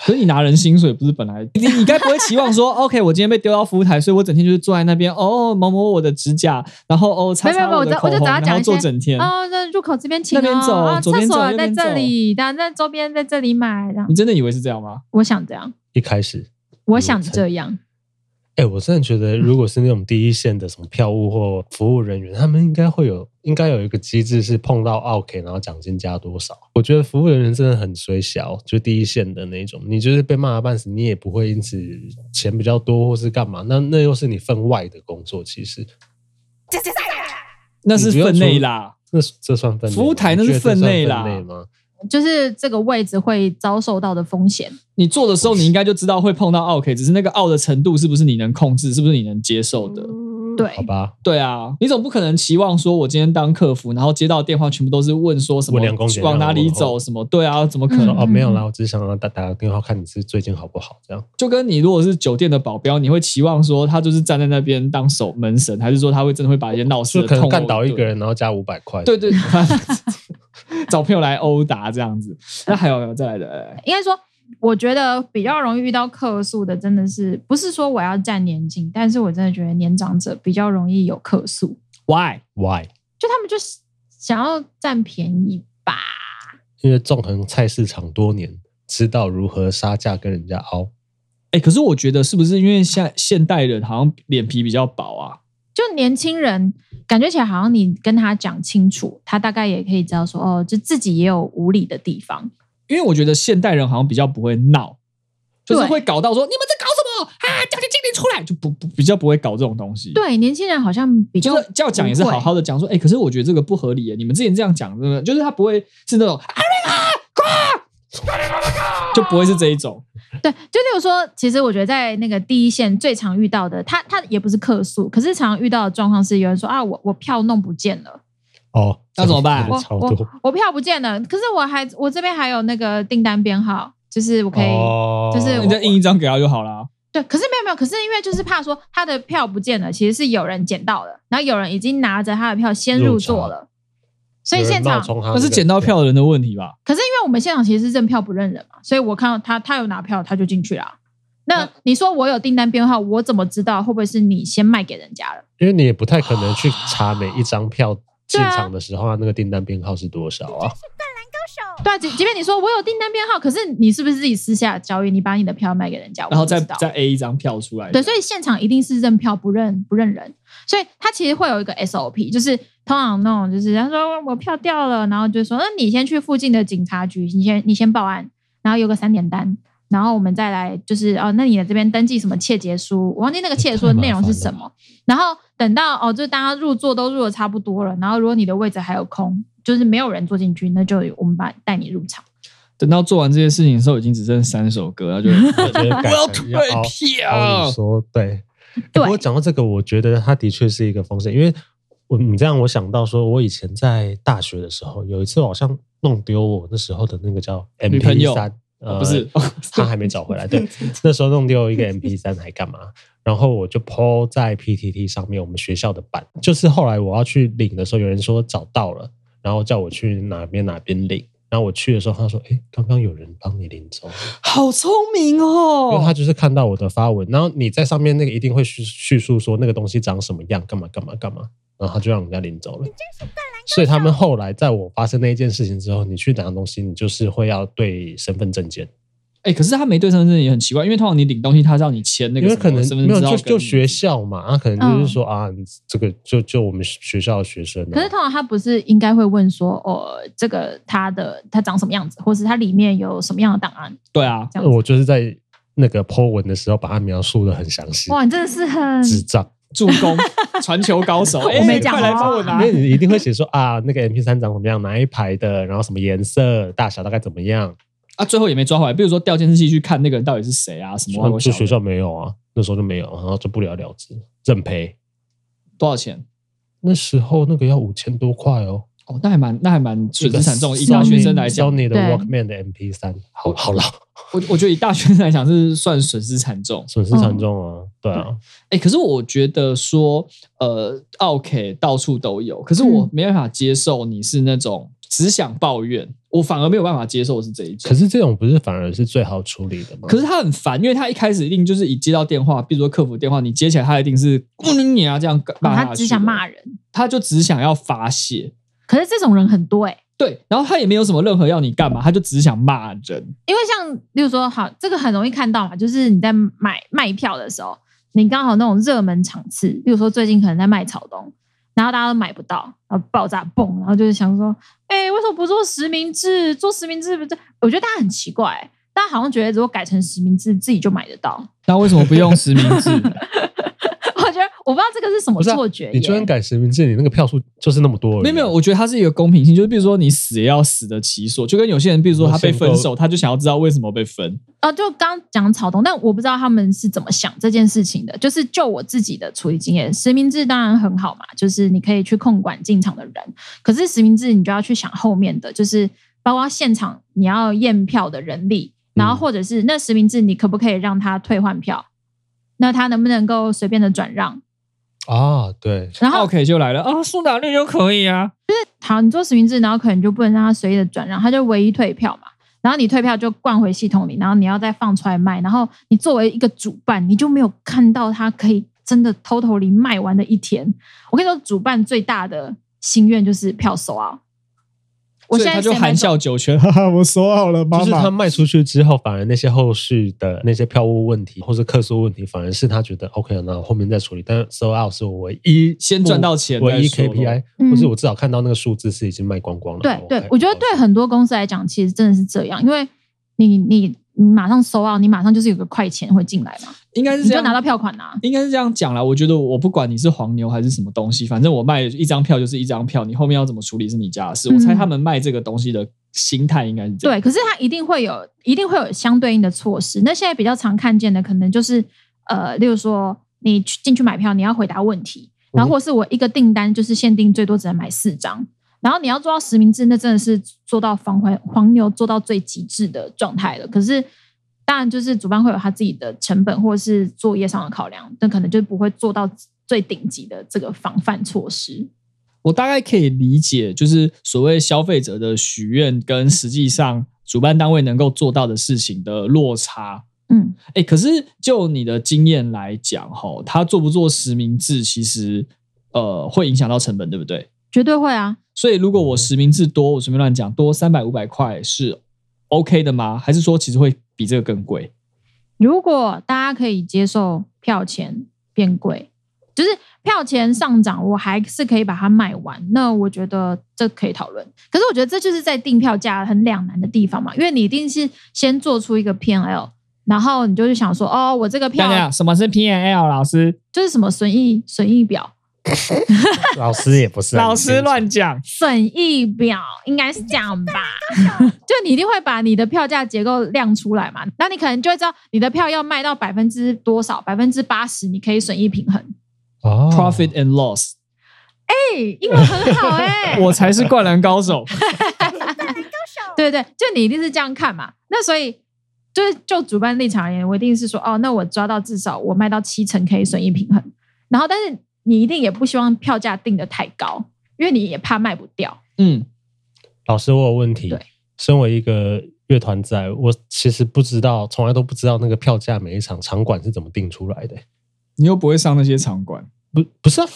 所以你拿人薪水不是本來你你該不會期望說 <laughs> ，OK，我今天被丟到服務台，所以我整天就是坐在那邊，哦，摸摸我的指甲，然後哦，擦擦我的口紅，不不不我我然後坐整天，哦，在入口這邊請哦，廁、哦、所在這裡，然後在這裡這周邊在這裡買，然後你真的以為是這樣嗎？我想這樣，一開始我想這樣。哎、欸，我真的覺得，如果是那種第一線的什麼票務或服務人員，嗯、他們應該會有，應該有一個機制是碰到奧客，然後獎金加多少？我覺得服務人員真的很隨小，就第一線的那種，你就是被罵了半死，你也不會因此錢比較多或是幹嘛，那那又是你分外的工作，其實。那是分內啦，那這算分內。服務台那是分內嗎？就是這個位置會遭受到的風險。你做的時候，你應該就知道會碰到奧客，只是那個奧的程度是不是你能控制，是不是你能接受的？嗯、對，好吧。對啊，你總不可能期望說我今天當客服，然後接到電話全部都是問說什麼公往哪裡走什麼？對啊，怎麼可能？嗯、哦，沒有啦，我只是想讓他打打個電話，看你是最近好不好？這樣。就跟你如果是酒店的保鏢，你會期望說他就是站在那邊當守門神，還是說他會真的會把一些鬧事？可能幹倒一個人，然後加五百塊。對對。 <laughs> <laughs> 找朋友來毆打這樣子，嗯、那還有再來的？應該說，我覺得比較容易遇到客訴的，真的是不是說我要占年輕，但是我真的覺得年長者比較容易有客訴。Why why？就他們就想要占便宜吧？因為縱橫菜市場多年，知道如何殺價跟人家拗。哎、欸，可是我覺得是不是因為現現代人好像臉皮比較薄啊？就年輕人感覺起來好像你跟他講清楚，他大概也可以知道說哦，就自己也有無理的地方。因為我覺得現代人好像比較不會鬧，就是會搞到說你們在搞什麼啊？叫你經理出來就不，不比較不會搞這種東西。對，年輕人好像比較、就是、叫講也是好好的講說，哎、欸，可是我覺得這個不合理耶、欸。你們之前這樣講真的，就是他不會是那種啊。啊啊就不會是這一種、oh.，對，就例如說，其實我覺得在那個第一線最常遇到的，他他也不是客訴，可是常，常遇到的狀況是有人說啊，我我票弄不見了，哦，那怎麼辦？我我，我票不見了，可是我還我這邊還有那個訂單編號，就是我可以，oh. 就是我你再印一張給他就好了。對，可是沒有沒有，可是因為就是怕說他的票不見了，其實是有人撿到了，然後有人已經拿着他的票先入座了。所以現場可，那個、是撿到票的人的問題吧，嗯？可是因為我們現場其實是認票不認人嘛，所以我看到他，他有拿票，他就進去了。那你說我有訂單編號，我怎麼知道會不會是你先賣給人家了？因為你也不太可能去查每一張票進場的時候，啊、那個訂單編號是多少啊？這是灌籃高手。對啊，即即便你說我有訂單編號，可是你是不是自己私下交易？你把你的票賣給人家，然後再再 A 一張票出來？對，所以現場一定是認票不認不認人，所以他其實會有一個 SOP，就是。通常那種就是，他說我票掉了，然後就說，那你先去附近的警察局，你先你先報案，然後有個三聯單，然後我們再來就是哦，那你來這邊登記什麼切結書。我忘記那個切結書的內容是什麼。欸、然後等到哦，就大家入座都入得差不多了，然後如果你的位置還有空，就是沒有人坐進去，那就我們把帶你入場。等到做完這些事情的時候，已經只剩三首歌，他就， <laughs> 然後就我要退票。說對，對、欸，不過講到這個，我覺得它的確是一個風險，因為。我你這樣，我想到說，我以前在大學的時候，有一次我好像弄丟我那時候的那個叫 MP3，呃，不是，他還沒找回來。對，那時候弄丟一個 MP3 還幹嘛？然後我就 po 在 PTT 上面，我們學校的版。就是後來我要去領的時候，有人說找到了，然後叫我去哪邊哪邊領。然後我去的時候，他說：“哎，剛剛有人幫你領走。”好聰明哦！因為他就是看到我的發文，然後你在上面那個一定會敘敘述說那個東西長什麼樣，幹嘛幹嘛幹嘛。然後他就讓人家領走了，所以他們後來在我發生那一件事情之後，你去拿東西，你就是會要對身份證件。哎，可是他沒對身份證件也很奇怪，因為通常你領東西，他讓你簽那個，可是可能沒有就就學校嘛，他可能就是說、嗯、啊，這個就就我們學校的學生。可是通常他不是應該會問說，哦，這個他的他長什麼樣子，或是他裡面有什麼樣的檔案？對啊這樣，我就是在那個 po 文的時候把它描述的很詳細。哇，你真的是很智障。助攻傳 <laughs> 球高手，哎、欸，我沒講過、啊，那你一定會寫說啊，那個 MP3 長什麼樣，哪一排的，然後什麼顏色，大小大概怎麼樣？啊，最後也沒抓回來。比如說調監視器去看那個人到底是誰啊，什麼？他就學校沒有啊，那時候就沒有，然後就不了了之，認賠。多少錢？那時候那個要五千多塊哦。哦，那還蠻那還蠻損失慘重，以大學生來講 Sony 的 Walkman 的 MP3，好好老。我我覺得以大學生來講是算損失慘重，損失慘重啊，對、嗯、啊。哎、欸，可是我覺得說，呃，OK，到處都有，可是我沒辦法接受你是那種只想抱怨，嗯、我反而沒有辦法接受是這一種。可是這種不是反而是最好處理的嗎？可是他很煩，因為他一開始一定就是一接到電話，比如說客服電話，你接起來，他一定是，你你啊」這樣把他、啊，他只想罵人，他就只想要發洩。可是這種人很多哎、欸，對，然後他也沒有什麼任何要你幹嘛，他就只想罵人。因為像，例如說，好，這個很容易看到嘛，就是你在買賣票的時候，你剛好那種熱門場次，例如說最近可能在賣草東，然後大家都買不到，然後爆炸蹦，然後就是想說，哎、欸，為什麼不做實名制？做實名制不是？我覺得大家很奇怪、欸，大家好像覺得如果改成實名制，自己就買得到。那為什麼不用實名制？ <laughs> 我不知道這個是什麼錯覺、啊。你居然改實名制，你那個票數就是那麼多。沒有沒有，我覺得它是一個公平性。就是比如說你死也要死得其所，就跟有些人，比如說他被分手，他就想要知道為什麼被分。哦、呃，就剛講草東，但我不知道他們是怎麼想這件事情的。就是就我自己的處理經驗，實名制當然很好嘛，就是你可以去控管進場的人。可是實名制，你就要去想後面的，就是包括現場你要驗票的人力，然後或者是那實名制，你可不可以讓他退換票、嗯？那他能不能夠隨便的轉讓？啊、哦，對，然後 OK 就來了啊，哦、蘇打綠就可以啊，就是好，你做實名制，然後可能就不能讓他隨意的轉讓，然後他就唯一退票嘛，然後你退票就灌回系統裡，然後你要再放出來賣，然後你作為一個主辦，你就沒有看到他可以真的偷偷離賣完的一天。我跟你說，主辦最大的心願就是票收啊。我現在就含笑九泉，哈哈！我收好了吧，就是他賣出去之後，反而那些後續的那些票務問題或者客訴問題，反而是他覺得 OK，那我後面再處理。但是 sell out 是我唯一先賺到錢、唯一 KPI，或、嗯、是我至少看到那個數字是已經賣光光了。對對，我覺得對很多公司來講，其實真的是這樣，因為你你你馬上 sell out，你馬上就是有個快錢會進來嘛。應該是這樣，拿到票款應該是這樣講了。我覺得我不管你是黃牛還是什麼東西，反正我賣一張票就是一張票，你後面要怎麼處理是你家的事。我猜他們賣這個東西的心態應該是這樣，嗯，嗯，應該是對，可是他一定會有，一定會有相對應的措施。那現在比較常看見的，可能就是呃，例如說你去進去買票，你要回答問題，然後或是我一個訂單就是限定最多只能買四張，然後你要做到實名制，那真的是做到防黃黃牛做到最極致的狀態了。可是。當然，就是主辦會有他自己的成本或是作業上的考量，但可能就不會做到最頂級的這個防範措施。我大概可以理解，就是所謂消費者的許願跟實際上主辦單位能夠做到的事情的落差。嗯，哎、欸，可是就你的經驗來講，吼，他做不做實名制，其實呃，會影響到成本，對不對？絕對會啊！所以如果我實名制多，我隨便亂講，多三百五百塊是 OK 的嗎？還是說其實會？比這個更貴。如果大家可以接受票錢變貴，就是票錢上漲，我還是可以把它賣完。那我覺得這可以討論。可是我覺得這就是在訂票價很兩難的地方嘛，因為你一定是先做出一個 PNL，然後你就是想說，哦，我這個票，什麼是 PNL？老師，就是什麼損益損益表。 <laughs> 老師也不是 <laughs> 老師亂講，損益表應該是這樣吧？你 <laughs> 就你一定會把你的票價結構亮出來嘛？那你可能就會知道你的票要賣到百分之多少，百分之八十你可以損益平衡，oh. Profit and loss，哎、欸，英文很好哎、欸， <laughs> 我才是灌籃高手，灌籃高手，對對，就你一定是這樣看嘛？那所以就是，就主辦立場而言，我一定是說哦，那我抓到至少我賣到七成可以損益平衡，然後但是。你一定也不希望票價定得太高，因為你也怕賣不掉。嗯，老師，我有問題。對。身為一個樂團仔，我其實不知道，從來都不知道那個票價每一場場館是怎麼定出來的。你又不會上那些場館。嗯不不是啊，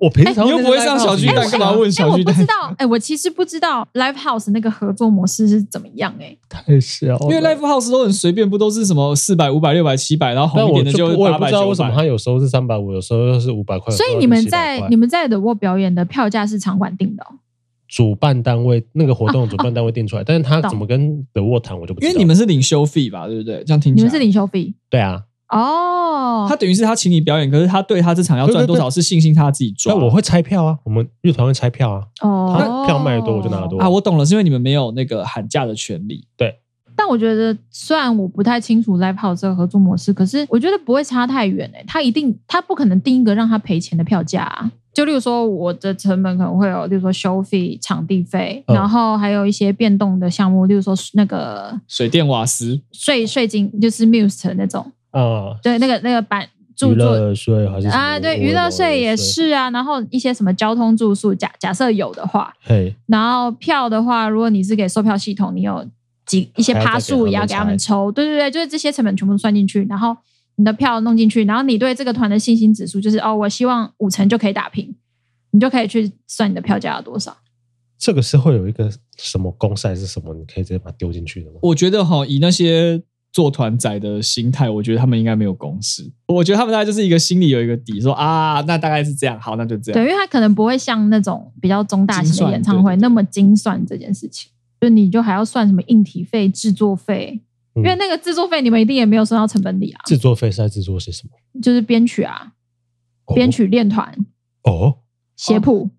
我平常、欸、又不會上小巨蛋，幹嘛問小巨蛋？我不知道，哎、欸，我其實不知道 live house 那個合作模式是怎麼樣、欸。哎，太小，因為 live house 都很隨便，不都是什麼四百、五百、六百、七百，然後紅一點的就, 800，我，就我也不知道為什麼他有時候是三百五，有時候又是五百塊。所以你們在你們在 The Wall 表演的票價是場館定的、哦，主辦單位，那個活動主辦單位定出來、啊啊，但是他怎麼跟 The Wall 談，我就不知道，因為你們是領收費吧，對不對？這樣聽你們是領收費，對啊。哦、oh，他等於是他請你表演，可是他對他這場要賺多少是信心他自己賺。對對對，我會拆票啊，我們樂團會拆票啊。哦、oh，他票賣的多我就拿得多啊。我懂了，是因為你們沒有那個喊價的權利。對，但我覺得雖然我不太清楚 Live House 這個合作模式，可是我覺得不會差太遠誒、欸。他一定他不可能定一個讓他賠錢的票價、啊。就例如說，我的成本可能會有，例如說收費、場地費、嗯，然後還有一些變動的項目，例如說那個水電瓦斯、稅稅金，就是 Muse 那種。哦、啊，對那個那個版住宿，啊，對的娛樂稅也是啊，然後一些什麼交通住宿，假假設有的話，嘿，然後票的話，如果你是給售票系統，你有幾一些趴數要也要給他們抽，對對對，就是這些成本全部算進去，然後你的票弄進去，然後你對這個團的信心指數就是哦，我希望五成就可以打平，你就可以去算你的票價要多少。這個是會有一個什麼公式還是什麼？你可以直接把它丟進去的嗎？我覺得哈，以那些。做團仔的心態，我覺得他們應該沒有公司。我覺得他們大概就是一個心裡有一個底，說啊，那大概是這樣，好，那就這樣。對，因為他可能不會像那種比較中大型的演唱會那麼精算這件事情。就你就還要算什麼硬體費、制作費。嗯，因為那個制作費你們一定也沒有算到成本裡啊。制作費是在制作些什麼？就是編曲啊，編曲練團哦，寫、哦、譜。哦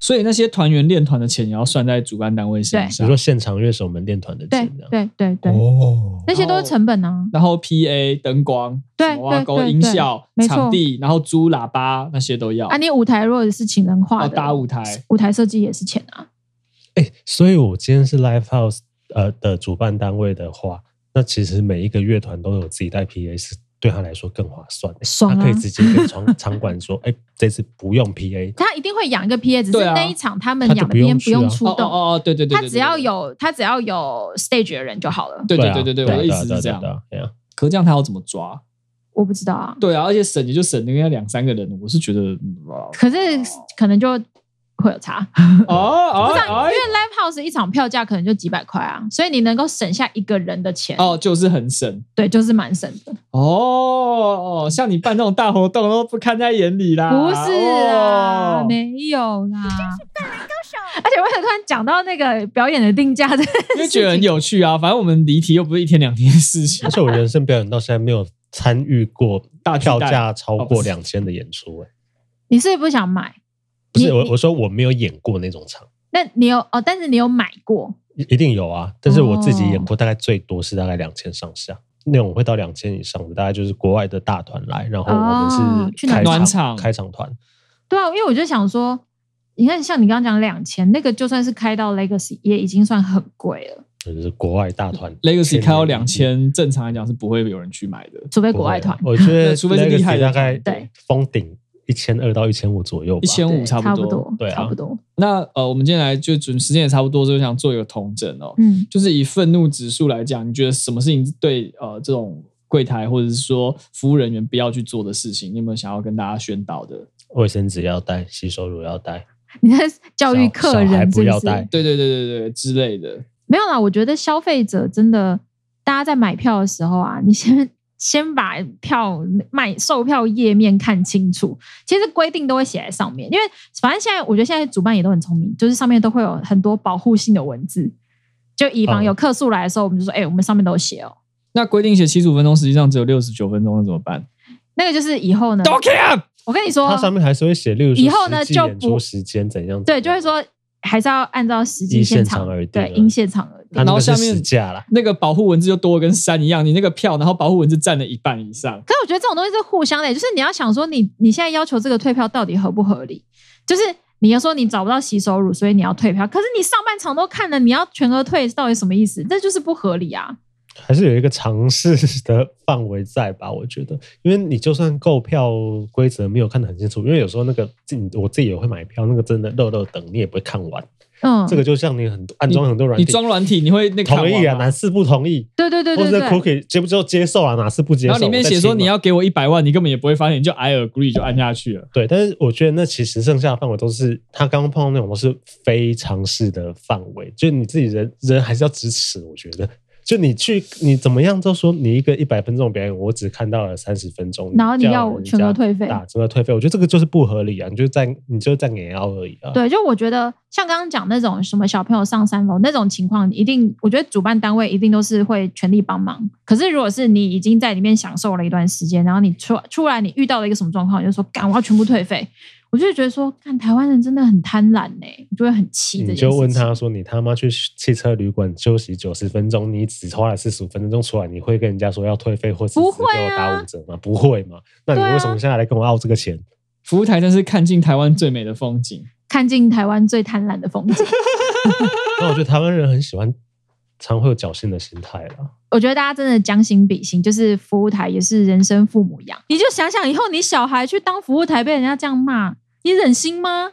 所以那些團員練團的錢也要算在主辦單位身上，比如說現場樂手們練團的錢，這樣，對對對哦，對 oh, 那些都是成本啊。然後 P A 燈光，對，哇、啊，高音效，場地，然後租喇叭那些都要。啊，你舞台如果是請人畫的、哦，搭舞台，舞台設計也是錢啊。誒、欸，所以我今天是 Live House 呃的主辦單位的話，那其實每一個樂團都有自己帶 P A 是。對他來說更划算，欸啊，他可以直接跟場場館說，哎、 <laughs> 欸，這次不用 PA，他一定會養一個 PA，只是那一場他們兩天不、啊、不用出動，哦、oh, 哦、oh, oh, 對，對，對，對，對，對，對對對，他只要有他只要有 stage 的人就好了，對、啊、對對對對，我的意思是這樣，啊啊啊啊，可是這樣他要怎麼抓？我不知道啊，對啊，而且省也就省，應該兩三個人，我是覺得，嗯啊、可是可能就。會有差哦， <laughs> 哦、哦，因為 Live House 一場票價可能就幾百塊啊，所以你能夠省下一個人的錢哦，就是很省，對，就是蠻省的哦。像你辦那種大活動都不看在眼裡啦，不是啊、哦，沒有啦，而且我也突然講到那個表演的定價的，因為覺得很有趣啊。 <laughs> 反正我們離題又不是一天兩天的事情。而且我人生表演到現在沒有參與過大票價超過兩千的演出誒、欸哦。你是不是不想買？不是我，我說我沒有演過那種場。那你有哦？但是你有買過？一定有啊！但是我自己演過，大概最多是大概兩千上下、哦。那種會到兩千以上的，大概就是國外的大團來，然後我們是開、哦、去哪開場暖場開場團。對啊，因為我就想說，你看，像你剛剛講兩千，那個就算是開到 Legacy，也已經算很貴了。就是國外大團 Legacy 開到兩千，正常來講是不會有人去買的，除非國外團。我覺得 Legacy 大概對封頂。除非一千二到一千五左右，一千五差不多，對，差不多。不多啊、不多那呃，我們今天來就準時間也差不多，所以我想做一個統整哦。嗯，就是以憤怒指數來講，你覺得什麼事情對呃這種櫃台或者是說服務人員不要去做的事情，你有沒有想要跟大家宣導的？衛生紙要帶，洗手乳要帶，你在教育客人，不要帶，對對對對對之類的。沒有啦，我覺得消費者真的，大家在買票的時候啊，你先。先把票賣售票頁面看清楚，其實規定都會寫在上面，因為反正現在我覺得現在主辦也都很聰明，就是上面都會有很多保護性的文字，就以防有客訴來的時候、嗯，我們就說，哎、欸，我們上面都有寫哦。那規定寫七十五分鐘，實際上只有六十九分鐘，那怎麼辦？那個就是以後呢，我跟你說，它上面還是會寫，例如說實際演出時間怎樣，對，就會說。還是要按照實際現場,現場而定，對，因現場而定。然後下面那個保護文字就多跟山一樣，你那個票，然後保護文字占了一半以上。可是我覺得這種東西是互相的，就是你要想說你你現在要求這個退票到底合不合理？就是你要說你找不到洗手乳，所以你要退票。可是你上半場都看了，你要全額退，到底什麼意思？這就是不合理啊。還是有一個嘗試的範圍在吧？我覺得，因為你就算購票規則沒有看得很清楚，因為有時候那個，我我自己也會買票，那個真的落落長，你也不會看完。嗯，這個就像你很多安裝很多軟體，你裝軟體你會那個同意啊，哪次不同意？對對對對對，或者 cookie 接不接受接受啊，哪次不接受？然後裡面寫說你要給我一百萬，你根本也不會發現，你就 I agree 就按下去了。對，但是我覺得那其實剩下的範圍都是他剛剛碰到那種都是非常試的範圍，就是你自己人人還是要支持，我覺得。就你去，你怎麼樣都說你一個一百分鐘表演，我只看到了三十分鐘，然後你要全額退費，全額退費，我覺得這個就是不合理啊！你就在你就在給要而已啊。對，就我覺得像剛剛講那種什麼小朋友上三樓那種情況，一定我覺得主辦單位一定都是會全力幫忙。可是如果是你已經在裡面享受了一段時間，然後你出出來你遇到了一個什麼狀況，你就說幹我要全部退費。我就覺得說，看台灣人真的很貪婪呢、欸，你就會很氣。你就問他說：“你他媽去汽車旅館休息九十分鐘，你只花了四十五分鐘出來，你會跟人家說要退費或者，給我打五折嗎？不會嗎、啊？那你為什麼現在來跟我拗這個錢、啊？服務台真是看盡台灣最美的風景，看盡台灣最貪婪的風景。 <laughs> <laughs> 那我覺得台灣人很喜歡。”常會有僥倖的心態了。我覺得大家真的將心比心，就是服務台也是人生父母一樣。你就想想，以後你小孩去當服務台被人家這樣罵，你忍心嗎？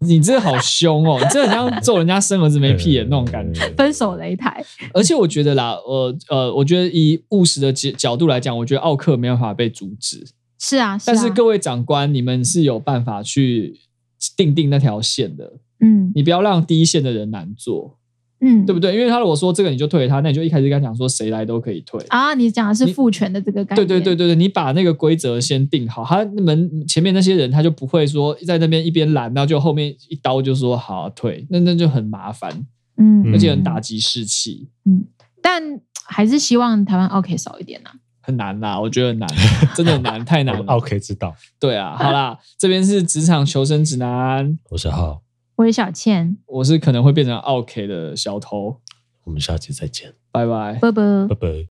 你真的好兇哦！ <laughs> 你真的好像咒人家生兒子沒屁眼那種感覺。分手擂台。而且我覺得啦，呃呃，我覺得以務實的角角度來講，我覺得奧客沒有辦法被阻止。是啊，但是各位長官，啊、你們是有辦法去訂定那條線的。嗯，你不要讓第一線的人難做。嗯、對不對？因為他如果說這個你就退給他，那你就一開始跟他講說誰來都可以退啊。你講的是付權的這個概念。對對對對對，你把那個規則先定好，他們前面那些人他就不會說在那邊一邊攔，然後就後面一刀就說好退，那那就很麻煩。嗯，而且很打擊士氣。嗯，嗯但還是希望台灣奧客少一點吶、啊。很難吶，我覺得很難，真的很難， <laughs> 太難了。OK，知道。對啊，好啦，這邊是職場求生指南，我是浩。我是小茜，我是可能會變成奧客的小偷。我們下期再見，拜拜，拜拜，拜拜。